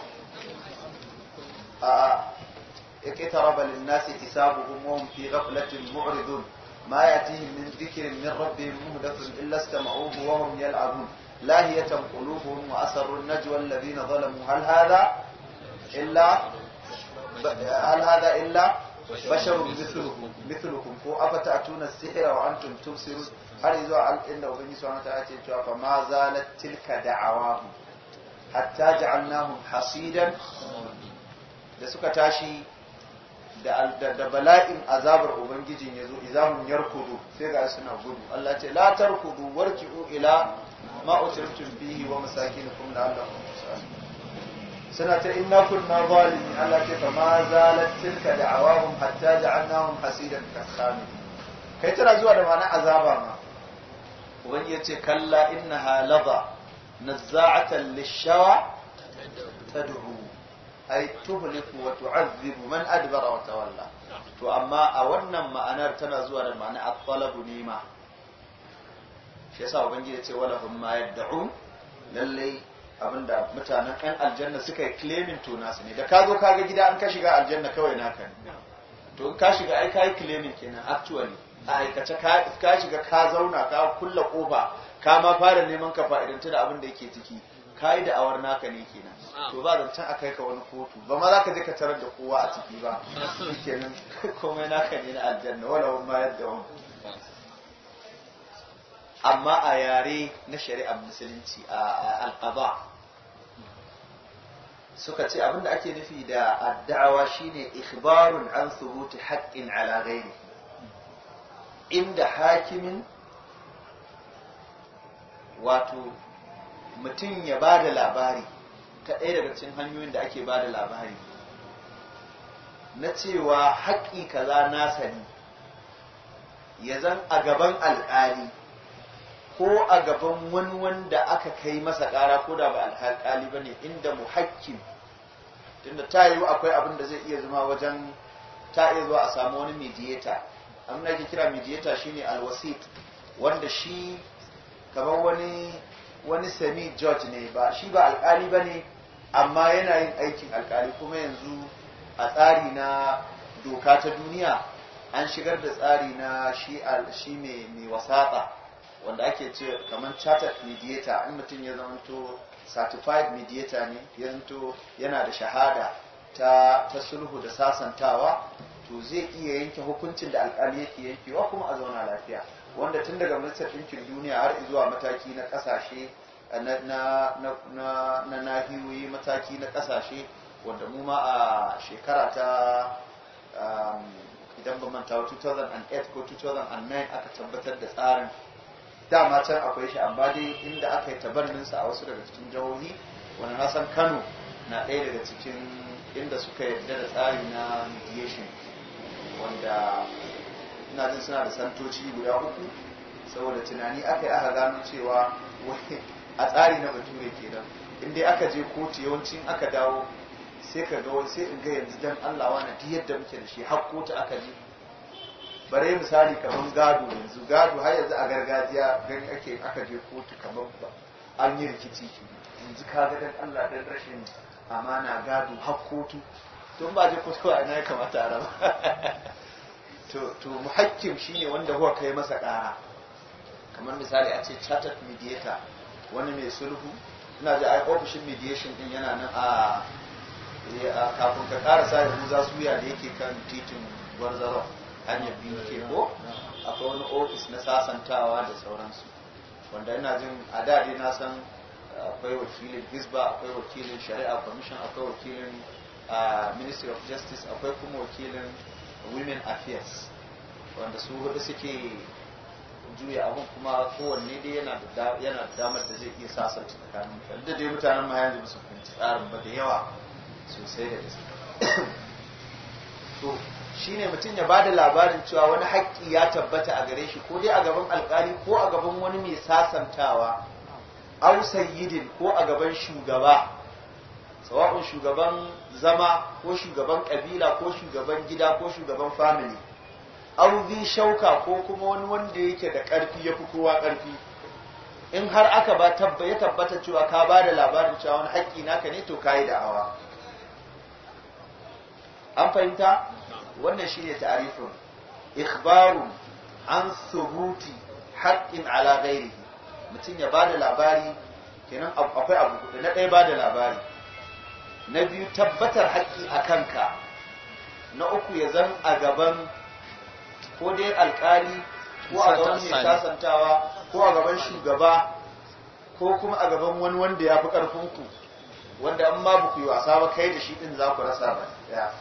اقترب للناس حسابهم وهم في غفلة معرضون ما يأتيهم من ذكر من ربهم مهدف إلا استمعوه وهم يلعبون لاهية قلوبهم وأسروا النجوى الذين ظلموا هل هذا إلا hal hada illa basharun mithlukum mithlukum ko afata tuna sihra wa antum tubsirun har zuwa da inda ubangi subhanahu ta'ala ce cewa fa ma zalat tilka hasidan da suka tashi da bala'in azabar ubangijin ya zo izamun yarkudu sai ga suna gudu Allah ce la tarkudu warki'u ila ma usirtum bihi wa masakinukum la'allakum suna ta inna kunna zalimi Allah ce fa ma zalat tilka da'awahum hatta ja'alnahum hasidan kakhami kai tana zuwa da ma'ana azaba ma wani yace kalla innaha lada nazza'atan lishawa tad'u ay tuhliku wa tu'azzibu man adbara wa tawalla to amma a wannan ma'anar tana zuwa da ma'ana at-talabu nima shi yasa ubangiji yace wala hum ma lallai abinda mutanen yan aljanna suka yi claiming to nasu ne da ka zo ka ga gida an ka shiga aljanna kawai naka ne to ka shiga ai ka yi claiming kenan actually a aikace ka shiga ka zauna ka kulla kofa ka ma fara neman ka fa'idanta da abin da yake ciki ka yi da'awar naka ne kenan to ba zancen a kai ka wani kotu ba ma za ka je ka tarar da kowa a ciki ba <laughs> kenan <laughs> komai naka ne na aljanna wala wani ma yadda wani amma a yare na shari'ar musulunci a alƙaba suka ce abinda ake nufi da addawa shine ikhbarun an thubuti haƙƙin ala ne. inda hakimin wato mutum ya ba da labari ta ɗaya daga cikin hanyoyin da ake ba da labari na cewa haƙƙi kaza na sani ya zan a gaban alƙali ko a gaban wani wanda aka kai masa kara ko da ba alƙali ba ne inda muhakkim tunda ta yiwu akwai abin da zai iya zama wajen ta iya zuwa a samu wani mediator abin da ake kira mediator shine alwasit wanda shi kamar wani wani semi judge ne ba shi ba alƙali ba ne amma yana yin aikin alkali kuma yanzu a tsari na doka ta duniya an shigar da tsari na shi mai wasaɓa wanda ake ce kamar chartered mediator in mutum ya zamanto certified mediator ne ya yana da shahada ta, ta sulhu da sasantawa to zai iya yanke hukuncin da alkali yake yankewa kuma a zauna lafiya wanda tun daga ministar ɗinkin duniya har zuwa mataki na ƙasashe na nahiyoyi mataki na ƙasashe wanda mu ma a shekara ta um, idan ba manta 2008 ko 2009 aka tabbatar da tsarin dama can akwai shi amma dai inda aka yi tabarninsa a wasu daga cikin jihohi wani na kano na ɗaya daga cikin inda suka yarda da tsari na mediation wanda ina jin suna da santoci guda uku saboda tunani aka yi aka gano cewa a tsari na bature kenan in dai aka je kotu yawancin aka dawo sai ka ga sai in ga yanzu dan Allah wani diyar yadda muke da shi har kotu aka je bare misali kamar gado yanzu gado har yanzu a gargajiya gani ake aka je kotu kamar an yi rikici yanzu ka ga dan Allah dan rashin amana gado har kotu don ba je kotu a ya kamata a raba <laughs> to to muhakkim shine wanda huwa kai masa kara kamar misali a ce chartered mediator wani mai sulhu ina ji a ofishin mediation din yana nan a kafin ka karasa yanzu za su wuya da yake kan titin gwarzarau biyu ke ko akwai wani ofis na sasantawa da sauransu wanda ina jin a daɗi na san akwai wakilin Gizba akwai wakilin shari'a commission akwai wakilin ministry of justice akwai kuma wakilin women affairs wanda su hudu suke juya abun kuma kowanne dai yana da damar da zai iya sasanta tsakanin mutane da dai mutanen ma yanzu su fahimci tsarin ba da yawa sosai da gaske to shi ne mutum ya bada labarin cewa wani haƙƙi ya tabbata a gare shi ko dai a gaban alƙali ko a gaban wani mai sasantawa au sayyidin ko a gaban shugaba sawa'un shugaban zama ko shugaban ƙabila ko shugaban gida ko shugaban family auzi shauka ko kuma wani wanda yake da ƙarfi ya fi kowa ƙarfi in har aka ba ya tabbata cewa ka ba da labarin cewa wani haƙƙi naka ne to ka yi da'awa an fahimta wannan shine ta'arifun ikhbarun an subuti haqqin ala ghairihi mutum ya bada labari kenan akwai abu kudu na ɗaya bada labari na biyu tabbatar haƙƙi a kanka na uku ya zan a gaban ko dai alƙali ko a gaban mai sasantawa ko a gaban shugaba ko kuma a gaban wani wanda ya fi ƙarfinku wanda an ma ba ku yi wasa ba kai da shi ɗin za ku rasa ba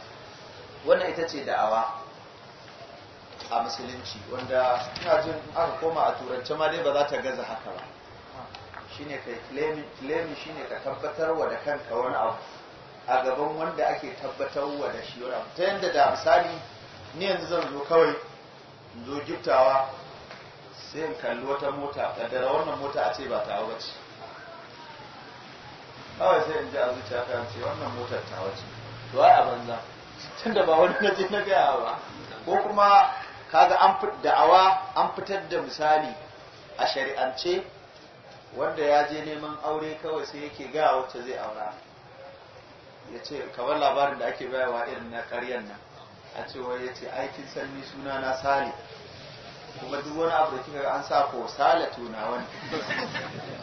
wannan ita ce da'awa a musulunci wanda ina jin aka koma a turance ma dai ba za ta gaza haka ba shine kai claim ne ka tabbatar wa da kanka wani abu a gaban wanda ake tabbatar wa da shi wani abu ta yadda da misali ni yanzu zan zo kawai in zo giftawa sai in kalli wata mota kaddara wannan mota a ce ba ta hawa ce kawai sai in ji a zuciya kan ce wannan motar ta hawa ce. to ai a banza da ba wani na na gaya ba ko kuma kaga an da'awa an fitar da misali a shari'ance wanda ya je neman aure kawai sai yake gaya wacce zai aura ya ce kawai labarin da ake bayawa irin na karyar nan a cewa ya ce aikin sanni suna na sale kuma duk wani abu da kika an sa ko sale tuna wani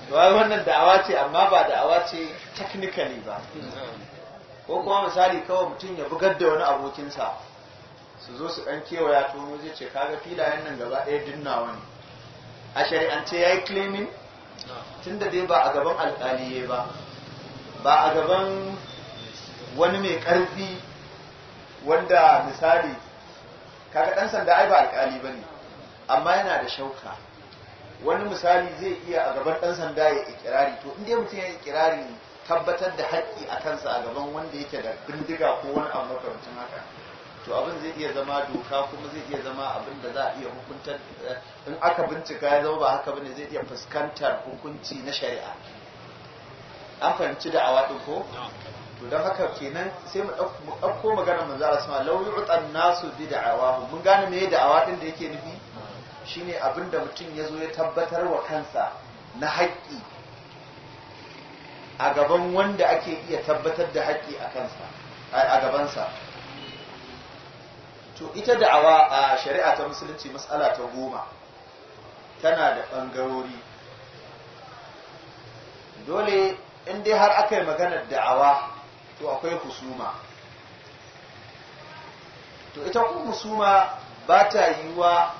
<laughs> wannan da'awa ce amma ba da'awa ce technically ba ko kuma misali kawai mutum ya bugar da wani abokinsa su zo su ɗan kewaya tono zai ce kaga filayen nan gaba ɗaya dinnawa ne a shari'ance ya yi claiming tun da dai ba a gaban alƙaliye ba ba a gaban wani mai ƙarfi wanda misali kaga ɗan sanda ai ba alƙali ba ne amma yana da shauka wani misali zai iya a gaban ɗan sanda ya ikirari to dai mutum ya ikirari tabbatar da haƙƙi a kansa a gaban wanda yake da bindiga ko wani abu makarantun haka to abin zai iya zama doka kuma zai iya zama abin da za a iya hukuntar in aka bincika ya zama ba haka bane zai iya fuskantar hukunci na shari'a an fahimci da awadin ko to don haka kenan sai mu ɗauko maganar manzo Allah sama law yu'tan nasu bi da'awahu mun gane me da'awa din da yake nufi shine abin da mutum ya zo ya tabbatar wa kansa na haƙƙi a gaban wanda ake iya tabbatar da haƙƙi a kansa a gabansa to ita da'awa a shari'a ta musulunci matsala ta goma tana da ɓangarori dole in dai har aka yi maganar da'awa to akwai husuma to ita kuma husuma ba ta yiwuwa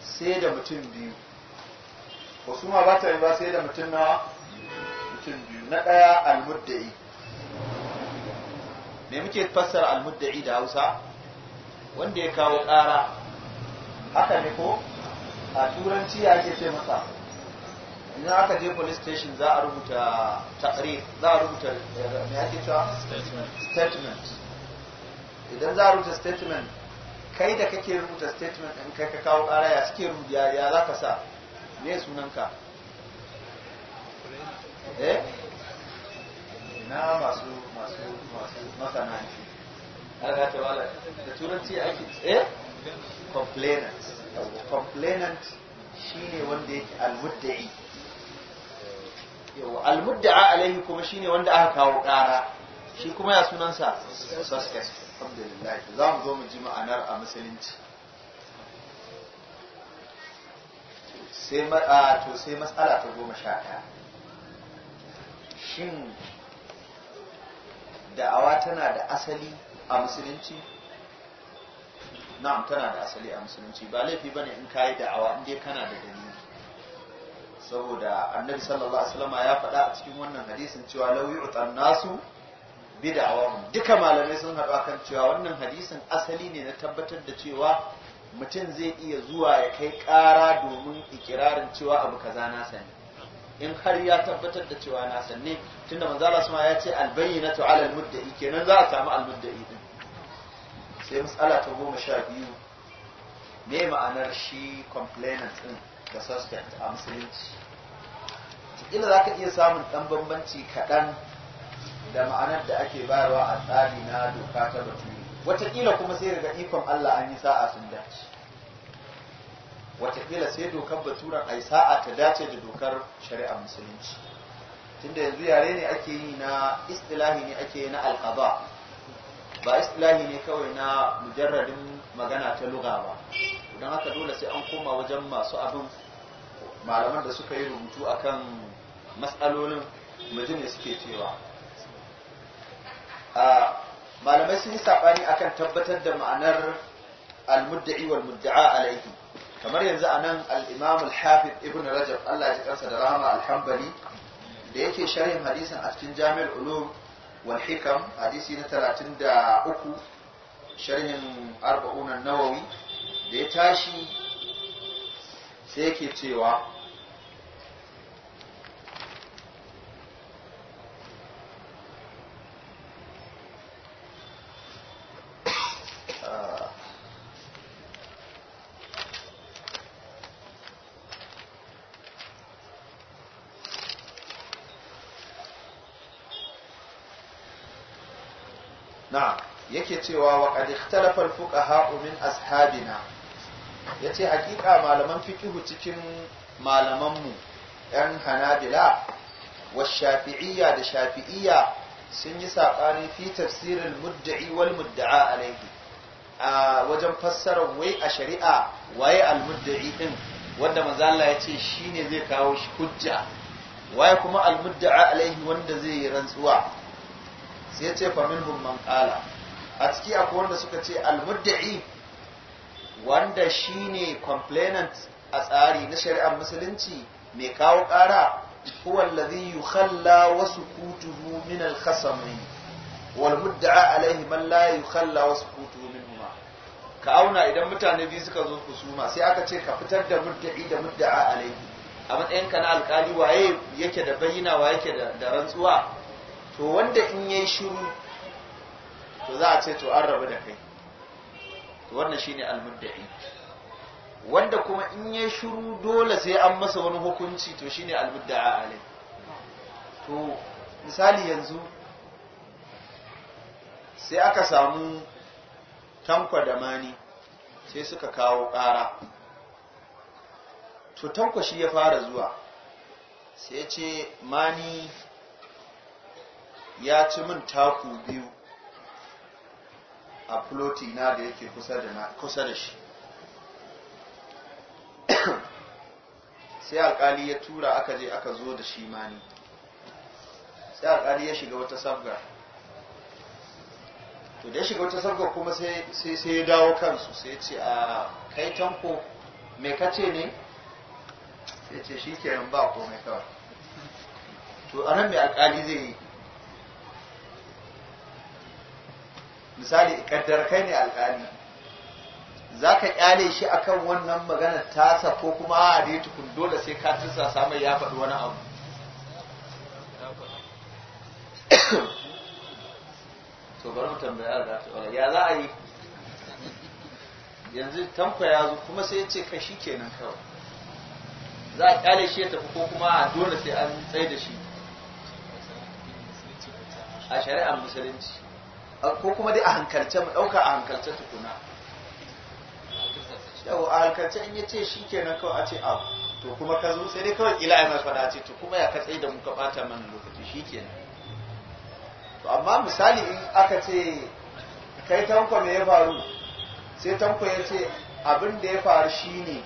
sai da mutum biyu husuma ba ta yiwuwa sai da mutum na mutum biyu na ɗaya almudda'i me muke fassara almudda'i da hausa wanda ya kawo ƙara haka ne ko a turanci ya ake ce masa in aka je police station za a rubuta taƙari za a rubuta me ake cewa statement idan za a rubuta statement kai da kake rubuta statement ɗin kai ka kawo ƙara ya suke rubuta ya za ka sa ne sunanka eh na masu masu masu masana kaga ta wala da turanci ake eh complainant complainant shine wanda yake almuddai yau almudda'a alaihi kuma shine wanda aka kawo kara shi kuma ya sunan sa suspect alhamdulillah za mu zo mu ji ma'anar a musulunci sai to sai matsala ta goma sha ɗaya shin da'awa tana da asali a musulunci na'am tana da asali a musulunci ba laifi bane in kayi da'awa in kana da dalili saboda annabi sallallahu alaihi wasallam ya faɗa a cikin wannan hadisin cewa law yu'tan nasu bid'awahum duka malamai sun haɗu kan cewa wannan hadisin asali ne na tabbatar da cewa mutum zai iya zuwa ya kai ƙara domin ikirarin cewa abu kaza na sani in har ya tabbatar da cewa na sanne tunda manzo Allah ya ce albayyinatu ala almudda'i kenan za a samu almudda'i din sai matsala ta goma sha biyu me ma'anar shi complainant din da suspect a musulunci kila za ka iya samun dan bambanci kaɗan da ma'anar da ake bayarwa a tsari na doka ta baturi wataƙila kuma sai daga ikon Allah an yi sa'a sun dace watakila sai dokar baturan ai sa'a ta dace da dokar shari'a musulunci tunda yanzu yare ne ake yi na istilahi ne ake yi na alqaba ba istilahi ne kawai na mujarradin magana ta luga ba don haka dole sai an koma wajen masu abin malaman da suka yi rubutu akan matsalolin mutum ne suke cewa malamai sun yi saɓani akan tabbatar da ma'anar al-mudda'i wal mudda'a alaihi kamar yanzu a nan al'imam al-hafid ibn rajab allah ya kansa da rahama alhambali da yake sharhin hadisin a cikin jami'ar ulum wal hikam hadisi na talatin da uku sharhin arba'unan nawawi da ya tashi sai yake cewa na yake cewa wa qad ikhtalafa al-fuqaha min ashabina yace hakika malaman fikihu cikin malamanmu yan hanabila wa shafi'iyya da shafi'iyya sun yi saɓani fi tafsirin mudda'i wal mudda'a alaihi a wajen fassarar wai a shari'a waye al-mudda'i din wanda manzo Allah ya ce shine zai kawo shi hujja waye kuma al-mudda'a alaihi wanda zai yi rantsuwa sai ce famin man kala a ciki akwai wanda suka ce almudda'i wanda shine complainant a tsari na shari'ar musulunci mai kawo ƙara huwa alladhi yukhalla wasu sukutuhu min al-khasami wal mudda'a alayhi man la yukhalla wa sukutuhu minhuma ka auna idan mutane biyu suka zo ku suma, sai aka ce ka fitar da mudda'i da mudda'a alaihi a matsayin ka na alkali waye yake da bayyana wa yake da rantsuwa to wanda in yi shiru to za a ce to an rabu da kai to wannan shine almudda'i wanda kuma in yi shiru dole sai an masa wani hukunci to shine almudda'a alai to misali yanzu sai aka samu tankwa da mani sai suka kawo ƙara to tankwa shi ya fara zuwa sai ce mani ya ci min taku biyu a floti na da yake kusa da shi <clears throat> sai alkali ya tura aka je aka zo da shi mani sai alkali ya shiga wata sabga to da ya shiga wata sabga kuma sai ya dawo kansu sai ce a kai tanko mai kace ne sai ce shi ke ba komai kawai to anan mai alkali zai yi misali kaddar kai ne alƙali za ka ƙyale shi akan wannan magana tasa ko kuma a dai tukun dole sai ka tusa samun ya faɗi wani abu <coughs> to bari mu tambaya da ta ya za a yi yanzu tamfa ya zo kuma sai ya ce ka shi kenan kawai za a ƙyale shi ya tafi ko kuma a dole sai an tsaye da shi a shari'ar musulunci ko kuma dai a hankalce mu ɗauka a hankalce tukuna yau a hankalce in ya ce shi kenan kawai a ce abu to kuma ka zo sai dai kawai ila ai faɗa ce to kuma ya katsai da muka ɓata man lokaci shi kenan to amma misali in aka ce kai tanko me ya faru sai tanko ya ce abin da ya faru shi ne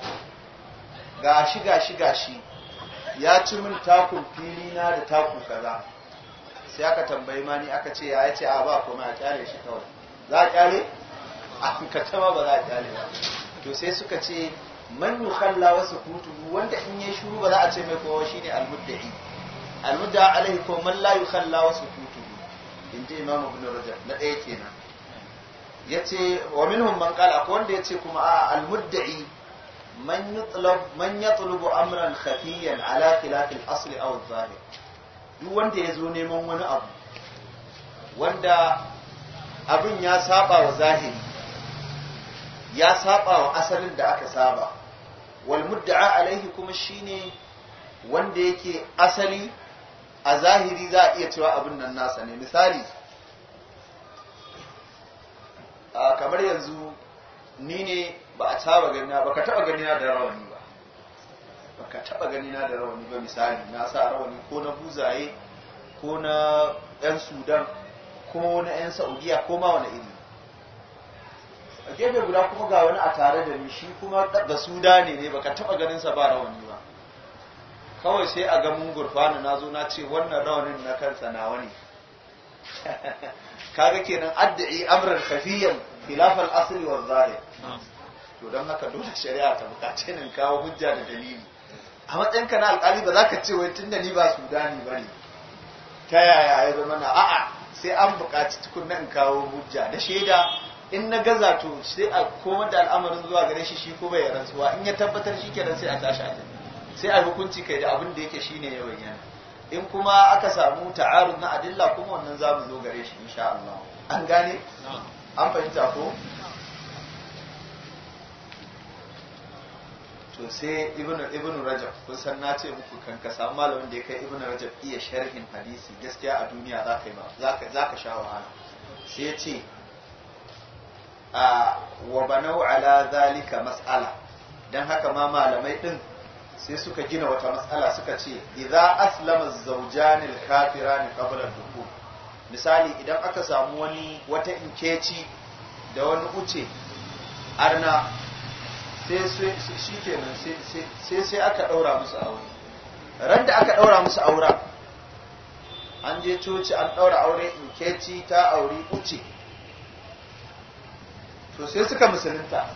gashi gashi gashi ya ci min takun fili na da taku kaza sai aka tambayi mani aka ce ya ce a ba kuma a kyale shi kawai za a kyale <laughs> a ma ba za a kyale ba to sai suka ce man yukhalla wasu sukutuhu wanda in yi shuru ba za a ce mai kowa shi ne muddai al-mudda alaihi ko man la yukhalla wa in ji imamu ibn rajab na ɗaya kenan yace wa minhum man kala ko wanda ce kuma a al man yutlab yatlubu amran khafiyan ala khilaf al-asl aw zahir duk wanda ya zo neman wani abu wanda abin ya saba wa zahiri ya saba wa asalin da aka saba wal mudda'a alaihi kuma shine wanda yake asali a zahiri za a iya cewa abin nan nasa ne misali kamar yanzu ni ne ba a taba ganina ba ka taba ganina da rawani baka taba gani na da rawani ba misali na sa rawani ko na buzaye ko na yan sudan ko na yan saudiya ko ma wani iri a gefe guda kuma ga wani a tare da ni shi kuma da sudani ne baka taba ganin sa ba rawani ba kawai sai a ga mun gurfana na zo na ce wannan rawanin na kansa nawa ne <laughs> kaga kenan adda'i amran khafiyan khilafal asli wal zahir to dan haka dole shari'a ta bukace nan kawo hujja da dalili a matsayinka na alkali ba za ka ce wai tunda ni ba su sudani ba ne ta yaya ya zama na a'a sai an buƙaci tukunna in kawo hujja da shaida in na gaza to sai a koma da al'amarin zuwa gare shi shi ko bai rantsuwa in ya tabbatar shi kenan sai a tashi a sai a hukunci kai da abin da yake shine ya bayyana in kuma aka samu ta'arud na adilla kuma wannan za mu zo gare shi insha Allah an gane an fahimta ko to sai ibnu rajab kun san na ce muku kan ka samu malamin da ya kai ibnu rajab iya sharhin hadisi gaskiya a duniya za ka yi za ka sha wahala sai ya ce a wa banau ala zalika mas'ala dan haka ma malamai din sai suka gina wata matsala suka ce idza aslama zawjani al kafirani qabla dukhul misali idan aka samu wani wata inkeci da wani uce arna sai sai aka ɗaura musu aure ran da aka ɗaura musu aura an je coci an ɗaura aure in keci ta auri uce to sai suka musulunta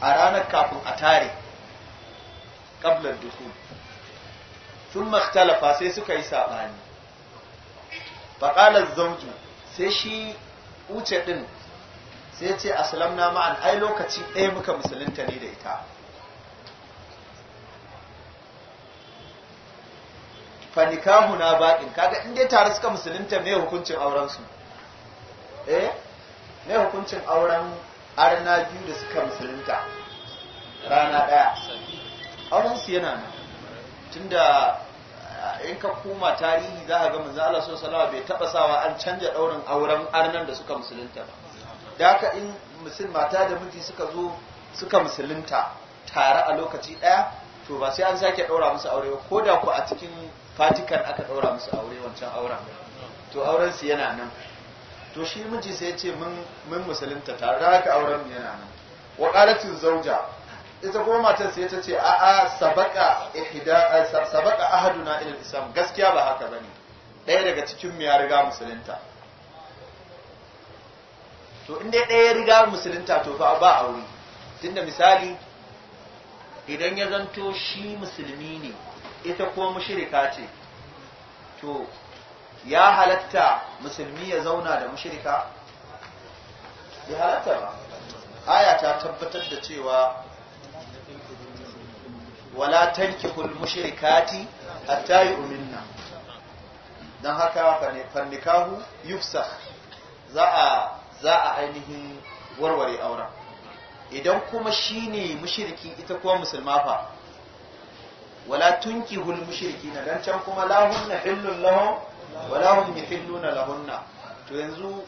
a ranar kafin a tare ƙablar duku sun maktalafa sai suka yi saɓani faƙalar zauju sai shi uce ɗin sai ce na ma'an ai lokaci ɗaya muka musulunta ne da ita fa na baƙin kaga inda dai tare suka musulunta me hukuncin aurensu. eh me hukuncin auren arna biyu da suka musulunta rana ɗaya Aurensu yana nan tunda eh, in ka koma tarihi za a ga manzo Allah sallallahu alaihi wasallam bai taba sawa an canja daurin auren arnan da suka musulunta ba da haka in musul mata da miji suka zo suka musulunta tare a lokaci ɗaya to ba sai an sake ɗaura musu aure ba ko da ku a cikin fatikan aka ɗaura musu aure wancan auren to auren su yana nan to shi miji sai ce mun musulunta tare da haka auren yana nan wa zauja ita ko matar sai ta ce a a sabaka ihda eh, sabaka ahaduna ila islam gaskiya ba haka bane ɗaya daga cikin mu ya riga musulunta to inda dai ya riga musulunta to fa ba aure tunda misali idan ya zanto shi musulmi ne ita kuma mushirika ce to ya halatta musulmi ya zauna da mushirika ya halatta ba aya ta tabbatar da cewa wala tankihul mushrikati hatta yu'minna dan haka fa ne fannikahu yufsakh za a za a ainihin warware auren idan kuma shine mushriki ita kuma musulma fa wala tunkihul na? dan can kuma lahunna hillun lahum wala hum yahilluna lahunna to yanzu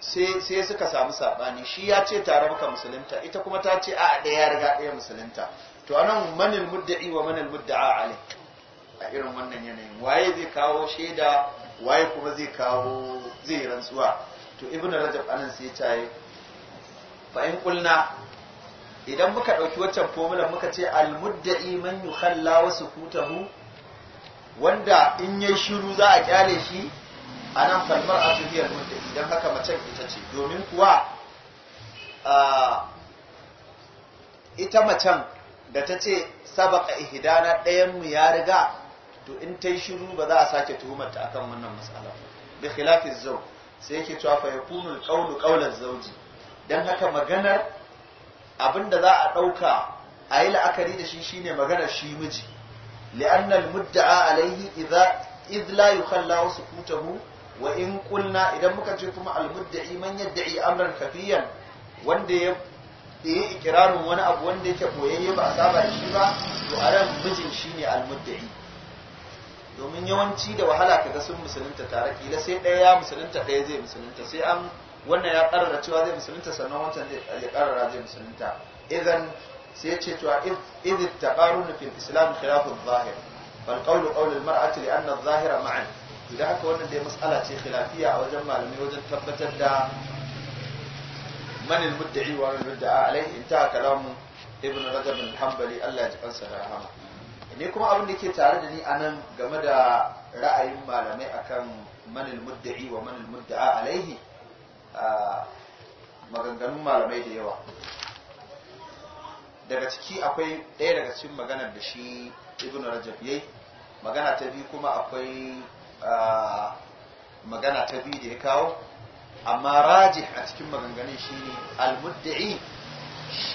sai sai suka samu sabani shi ya ce tare maka musulunta ita kuma ta ce a ɗaya ya riga ɗaya musulunta to anan manil mudda'i wa manil mudda'a alai a irin wannan yanayin waye zai kawo shaida waye kuma zai kawo zai rantsuwa to ibn rajab anan sai ya fa in kulna idan muka ɗauki waccan formula muka ce almudda'i man yukhalla wa sukutahu wanda in yayi shiru za a kyale shi anan falmar al mudda'i idan haka mace ita ce domin kuwa ita macen da ta ce sabaka ihdana ɗayan mu ya riga to in ta yi shiru ba za a sake tuhumarta akan wannan matsala bi khilafi zawj sai yake cewa fa yakunu alqawlu qawlan zawji dan haka maganar abinda za a dauka a yi la'akari da shi shine maganar shi miji li'anna almudda'a alayhi idza idh la yukhalla sukutuhu wa in qulna idan muka ce kuma almudda'i man yadda'i amran kafiyan wanda ya yi ikirarin wani abu wanda yake boyayye ba a saba shi ba to a mijin shine almudda'i domin yawanci da wahala kaga sun musulunta tare kila sai ɗaya ya musulunta ɗaya zai musulunta sai an wannan ya karara cewa zai musulunta sannan wancan zai karara zai musulunta idan sai ce cewa idh taqarun fil islam khilafu adh-zahir bal qawlu qawlu al-mar'ati li anna zahira ma'an idan haka wannan dai mas'ala ce khilafiya a wajen malamai wajen tabbatar da man al-mudda'i wa al-mudda'a alayhi intaha kalamu ibn rajab al-hanbali Allah ya ji kansa rahama ne kuma abin da ke tare da ni a nan game da ra'ayin malamai akan manil mudda'i wa manil mudda'a alaihi maganganun malamai da yawa daga ciki akwai ɗaya daga cikin maganar da shi ibn rajab yayi magana ta biyu kuma akwai magana ta biyu da ya kawo amma raji a cikin maganganun shi ne, al-mudda'i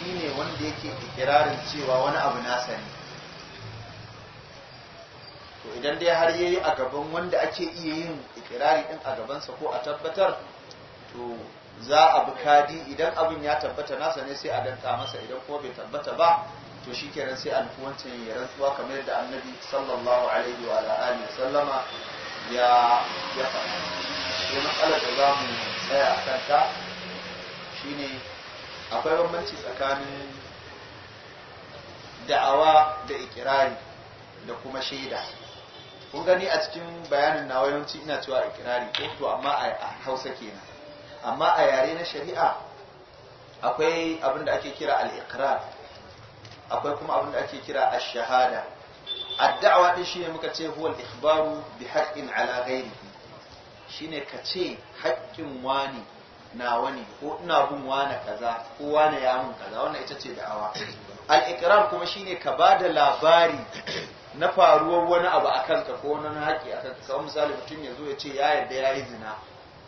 ne wanda yake ikirarin cewa wani abu nasani to idan dai har yayi a gaban wanda ake iya yin ikirari din a gabansa ko a tabbatar to za a bi kadi idan abin ya tabbata nasa ne sai a danta masa idan ko bai tabbata ba to shikenan sai a nufi wancan ya rantsuwa kamar yadda annabi sallallahu alaihi wa alihi sallama ya ya faɗa matsalar da za mu tsaya a kanta shine akwai bambanci tsakanin da'awa da ikirari da kuma shaida kun gani a cikin bayanin na yawanci ina cewa ikirari ko to amma a hausa kenan amma a yare na shari'a akwai abin da ake kira al akwai kuma abin da ake kira ash-shahada addawa din shine muka ce huwa al-ikhbaru bi haqqin ala shi shine ka ce haƙƙin wani na wani ko ina bin wani kaza ko wani ya mun kaza wannan ita ce da'awa al-iqrar kuma shine ka ba da labari na faruwar wani abu a kanka ko wani haƙi a kanka kamar misali mutum ya zo ya ce ya yarda ya yi zina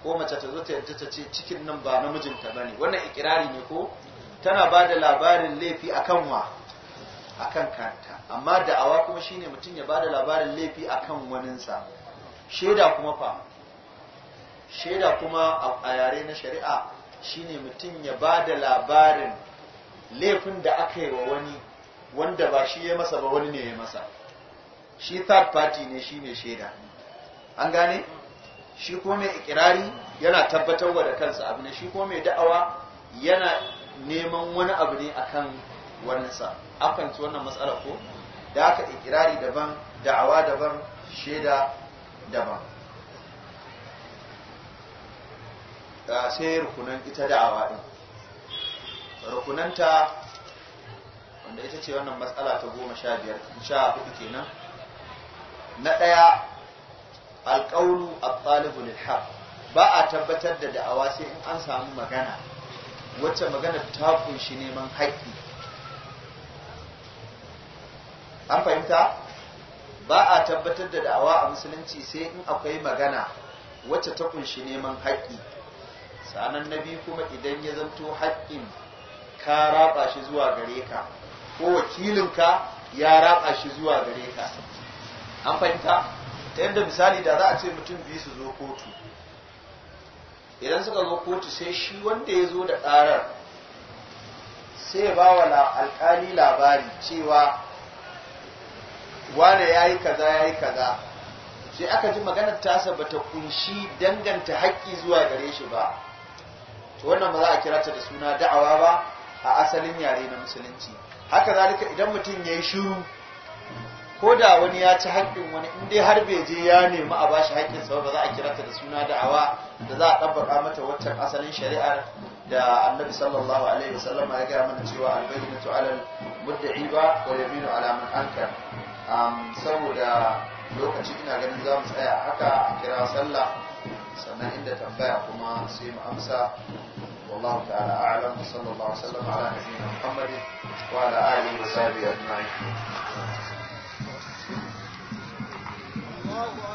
ko mace ta zo ta yarda ta ce cikin nan ba na mijinta ba ne wannan ikirari ne ko tana ba da labarin laifi a kan wa a kan kanta amma da'awa kuma shine mutum ya ba da labarin laifi a kan waninsa shaida kuma fa shaida kuma a yare na shari'a shine mutum ya ba da labarin laifin da aka yi wa wani wanda ba shi ya masa ba wani ne ya masa shi third party ne shi ne shaida an gane shi ko mai ikirari yana tabbatarwa da kansa abu ne shi ko mai da'awa yana neman wani abu ne akan waninsa akan ci wannan matsala ko da aka ikirari daban da'awa daban shaida daban sai rukunan ita da'awa ɗin rukunanta wanda ita ce wannan matsala ta goma sha biyar sha hudu kenan na ɗaya alƙaunu a ɗalibu ba a tabbatar da da'awa sai in an samu magana wacce magana ta kunshi neman haƙƙi an fahimta ba a tabbatar da da'awa a musulunci sai in akwai magana wacce ta kunshi neman haƙƙi sanan na biyu kuma idan ya zanto haƙƙin ka raba shi zuwa gare ka ko wakilinka ya raba shi zuwa gare ka an fahimta ta yadda misali da za a ce mutum biyu su zo kotu idan suka zo kotu sai shi wanda ya zo da ƙarar sai ya ba wa alƙali labari cewa wane ya yi kaza ya yi kaza sai aka ji maganar tasa bata kunshi danganta haƙƙi zuwa gare shi ba to wannan ba za a kira ta da suna da'awa ba a asalin yare na musulunci haka zalika idan mutum ya yi shiru ko da wani ya ci haƙƙin wani in dai har bai je ya nemi a bashi haƙƙin sa ba za a kira ta da suna da'awa da za a ɗabbaka mata waccan asalin shari'ar da annabi sallallahu alaihi wasallam ya gaya mana cewa tu alal mudda'i ba wa yaminu ala man ankar saboda lokaci ina ganin za mu tsaya haka a kira sallah sannan inda tambaya kuma sai mu amsa والله تعالى أعلم وصلى الله وسلم على نبينا محمد وعلى آله وصحبه أجمعين Gracias.